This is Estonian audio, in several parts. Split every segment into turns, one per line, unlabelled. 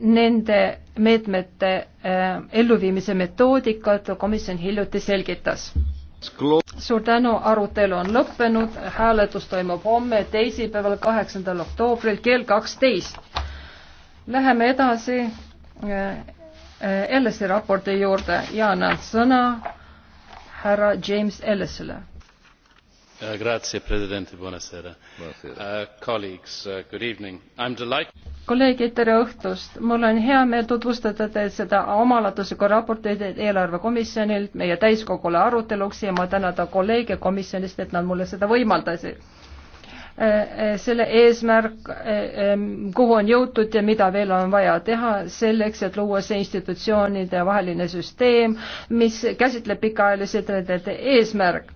nende meetmete äh, elluviimise metoodikat komisjon hiljuti selgitas. suur tänu, arutelu on lõppenud, hääletus toimub homme, teisipäeval, kaheksandal oktoobril kell kaksteist. Läheme edasi äh, äh, Ellesi raporti juurde ja annan sõna härra James Ellisele
signor presidente onorevoli colleghi i am delighted
kolleegid, tere õhtust! mul on hea meel tutvustada teile seda omalatuslikku raportit eelarvekomisjonilt meie täiskogule aruteluks ja ma tänada kolleege komisjonist, et nad mulle seda võimaldasid. Äh, äh, selle eesmärk, äh, ähm, kuhu on jõutud ja mida veel on vaja teha selleks, et luua see institutsioonide vaheline süsteem, mis käsitleb pikaajalisi eesmärk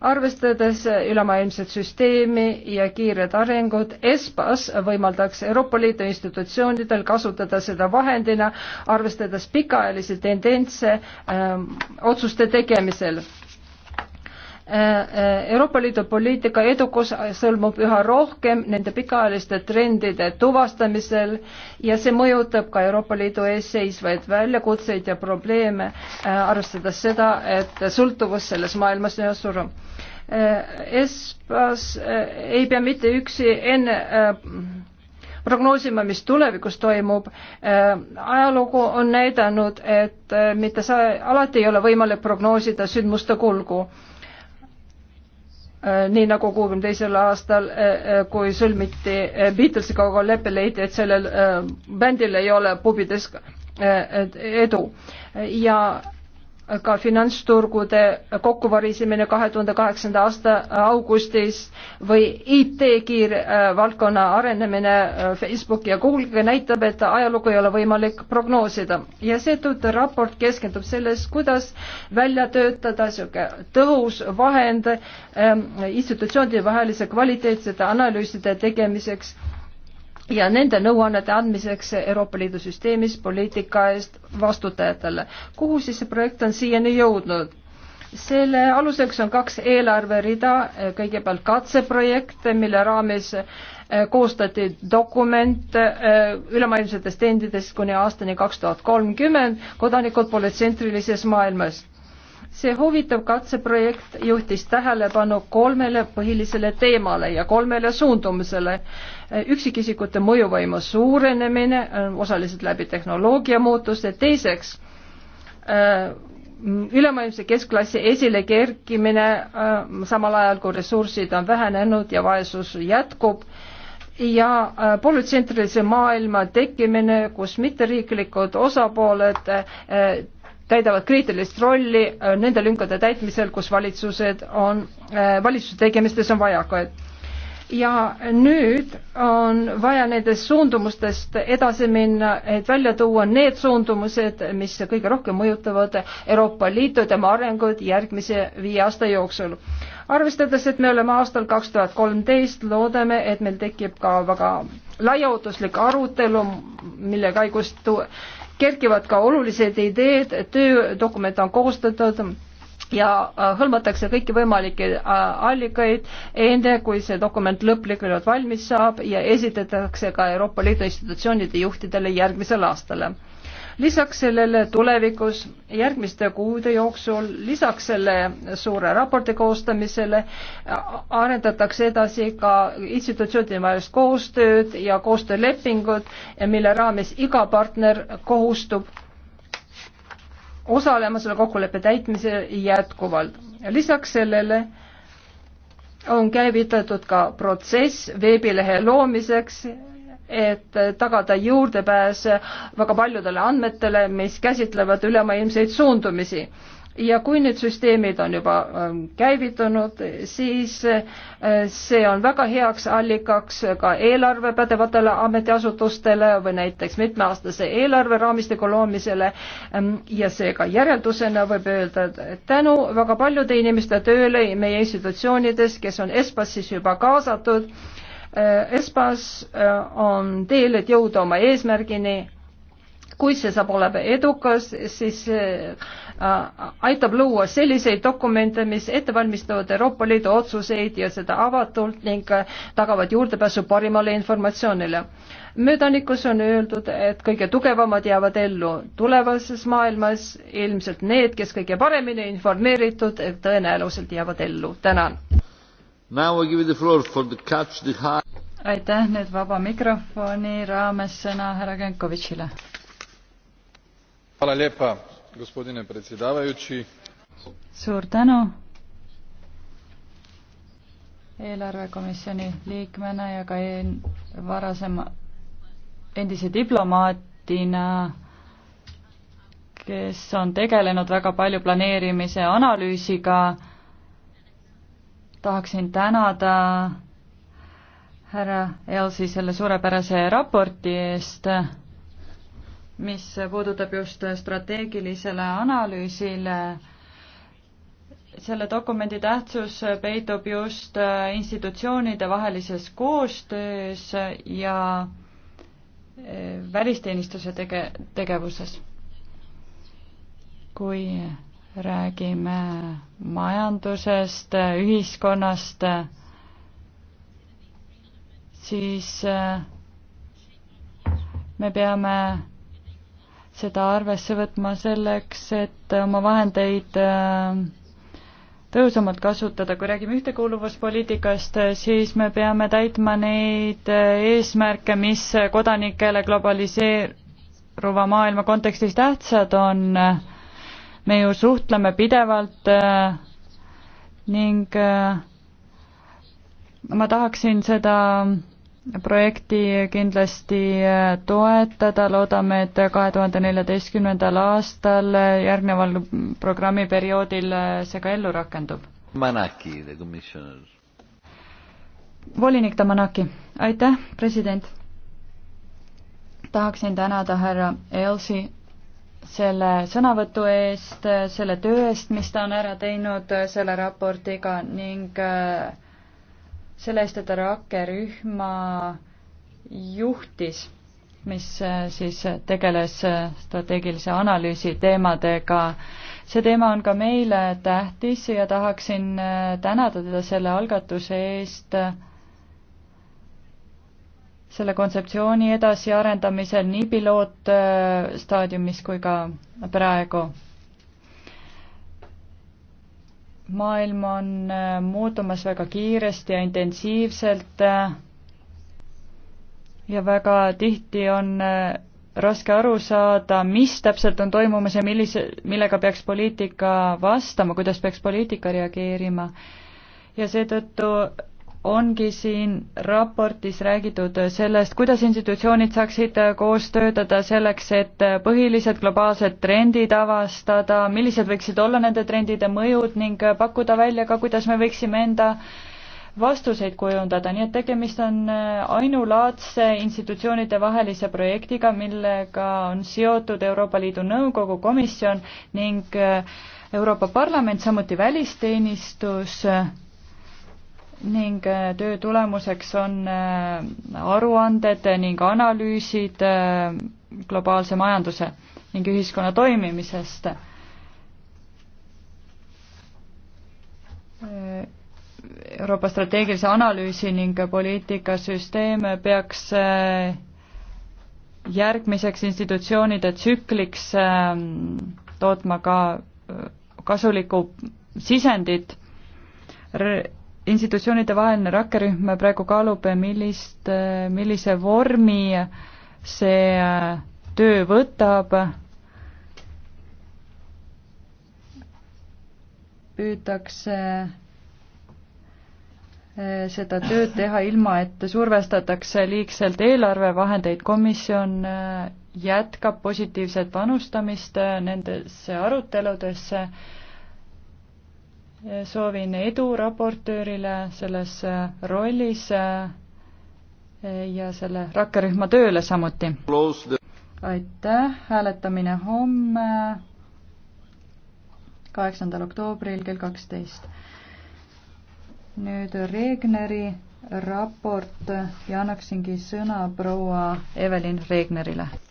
arvestades ülemaailmset süsteemi ja kiired arengud, ESPAS võimaldaks Euroopa Liidu institutsioonidel kasutada seda vahendina, arvestades pikaajalisi tendentse öö, ähm, otsuste tegemisel Äh, äh, Euroopa Liidu poliitika edukus sõlmub üha rohkem nende pikaajaliste trendide tuvastamisel ja see mõjutab ka Euroopa Liidu ees seisvaid väljakutseid ja probleeme, äh, arvestades seda, et sõltuvus selles maailmas üha surub. Espas ei pea mitte üksi enne prognoosima, mis tulevikus toimub. ajalugu on näidanud, et mitte sa, alati ei ole võimalik prognoosida sündmuste kulgu Äh, nii nagu kuuekümne teisel aastal, äh, äh, kui sõlmiti Beatlesiga lepe, leiti, et sellel bändil ei ole pubides edu ja ka finantsturgude kokkuvarisemine kahe tuhande kaheksanda aasta augustis või IT kiirvaldkonna äh, arenemine äh, Facebooki ja Google'iga näitab, et ajalugu ei ole võimalik prognoosida ja seetõttu raport keskendub selles, kuidas välja töötada niisugune tõhus vahend ähm, institutsioonide vahelise kvaliteetsete analüüside tegemiseks ja nende nõuannete andmiseks Euroopa Liidu süsteemis poliitika eest vastutajatele. kuhu siis see projekt on siiani jõudnud? selle aluseks on kaks eelarverida, kõigepealt katseprojekt, mille raames eh, koostati dokument eh, ülemaailmsetest endidest kuni aastani kaks tuhat kolmkümmend, kodanikud polütsentrilises maailmas see huvitav katseprojekt juhtis tähelepanu kolmele põhilisele teemale ja kolmele suundumusele. üksikisikute mõjuvõimu suurenemine, äh, osaliselt läbi tehnoloogia muutuste, teiseks äh, ülemaailmse keskklassi esilekerkimine, äh, samal ajal kui ressursid on vähenenud ja vaesus jätkub, ja polütsentrilise maailma tekkimine, kus mitteriiklikud osapooled täidavad kriitilist rolli äh, nende lünkade täitmisel, kus valitsused on, äh, valitsuse tegemistes on vajakud. ja nüüd on vaja nendest suundumustest edasi minna, et välja tuua need suundumused, mis kõige rohkem mõjutavad Euroopa Liitu ja tema arengut järgmise viie aasta jooksul. arvestades, et me oleme aastal kaks tuhat kolmteist, loodame, et meil tekib ka väga laiaootuslik arutelu, mille käigus kerkivad ka olulised ideed, töödokument on koostatud ja äh, hõlmatakse kõiki võimalikke äh, allikaid, enne kui see dokument lõplikult valmis saab ja esitatakse ka Euroopa Liidu institutsioonide juhtidele järgmisel aastal lisaks sellele tulevikus järgmiste kuude jooksul, lisaks selle suure raporti koostamisele arendatakse edasi ka institutsioonide vahelist koostööd ja koostöölepingud, mille raames iga partner kohustub osalema selle kokkuleppe täitmise jätkuvalt. lisaks sellele on käivitatud ka protsess veebilehe loomiseks et tagada juurdepääs väga paljudele andmetele, mis käsitlevad ülemaailmseid suundumisi. ja kui need süsteemid on juba ähm, käivitunud, siis äh, see on väga heaks allikaks ka eelarve pädevatele ametiasutustele või näiteks mitmeaastase eelarveraamistiku loomisele ähm, ja seega järeldusena võib öelda, et tänu väga paljude inimeste tööle meie institutsioonides, kes on ESPAS-is juba kaasatud, Äh, ESPAS äh, on teel, et jõuda oma eesmärgini. kui see saab olema edukas, siis äh, aitab luua selliseid dokumente, mis ettevalmistavad Euroopa Liidu otsuseid ja seda avatult ning tagavad juurdepääsu parimale informatsioonile möödanikus on öeldud, et kõige tugevamad jäävad ellu tulevases maailmas, ilmselt need, kes kõige
paremini informeeritud, tõenäoliselt jäävad ellu. tänan aitäh, nüüd vaba mikrofoni raames sõna härra Genkovitšile. suur tänu eelarvekomisjoni liikmena ja ka en-, varasema, endise diplomaatina, kes on tegelenud väga palju planeerimise analüüsiga tahaksin tänada härra Elsi selle suurepärase raporti eest, mis puudutab just strateegilisele analüüsile. selle dokumendi tähtsus peitub just institutsioonide vahelises koostöös ja e, välisteenistuse tege-, tegevuses. kui räägime majandusest, ühiskonnast, siis eh, me peame seda arvesse võtma selleks, et oma vahendeid eh, tõhusamalt kasutada. kui räägime ühtekuuluvuspoliitikast, siis me peame täitma neid eh, eesmärke, mis kodanikele globaliseeruva maailma kontekstis tähtsad on me ju suhtleme pidevalt äh, ning äh, ma tahaksin seda projekti kindlasti äh, toetada, loodame, et kahe tuhande neljateistkümnendal aastal järgneval programmiperioodil see ka ellu rakendub. Manaki, the commissioner. volinik Tamanaki, aitäh, president. tahaksin tänada härra Elsi selle sõnavõtu eest, selle töö eest, mis ta on ära teinud selle raportiga ning äh, selle eest, et ta rakkerühma juhtis, mis äh, siis tegeles äh, strateegilise analüüsi teemadega. see teema on ka meile tähtis ja tahaksin tänada teda selle algatuse eest selle kontseptsiooni edasiarendamisel nii pilootstaadiumis kui ka praegu. maailm on äh, muutumas väga kiiresti ja intensiivselt äh, ja väga tihti on äh, raske aru saada, mis täpselt on toimumas ja millise, millega peaks poliitika vastama, kuidas peaks poliitika reageerima. ja seetõttu ongi siin raportis räägitud sellest, kuidas institutsioonid saaksid koos töötada selleks, et põhilised globaalsed trendid avastada, millised võiksid olla nende trendide mõjud ning pakkuda välja ka, kuidas me võiksime enda vastuseid kujundada, nii et tegemist on ainulaadse institutsioonide vahelise projektiga, millega on seotud Euroopa Liidu Nõukogu komisjon ning Euroopa Parlament, samuti välisteenistus ning äh, töö tulemuseks on äh, aruanded ning analüüsid äh, globaalse majanduse ning ühiskonna toimimisest. Euroopa strateegilise analüüsi ning poliitikasüsteem peaks järgmiseks institutsioonide tsükliks tootma ka kasulikku sisendit institutsioonide vaheline rakkerühm praegu kaalub, millist, millise vormi see töö võtab. püütakse eh, seda tööd teha ilma, et survestatakse liigselt eelarvevahendeid, komisjon eh, jätkab positiivset panustamist eh, nendesse aruteludesse soovin edu raportöörile selles rollis eh, ja selle rakkerühma tööle samuti. aitäh, hääletamine homme, kaheksandal oktoobril kell kaksteist. nüüd Regneri raport ja annaksingi sõna proua Evelin Regnerile.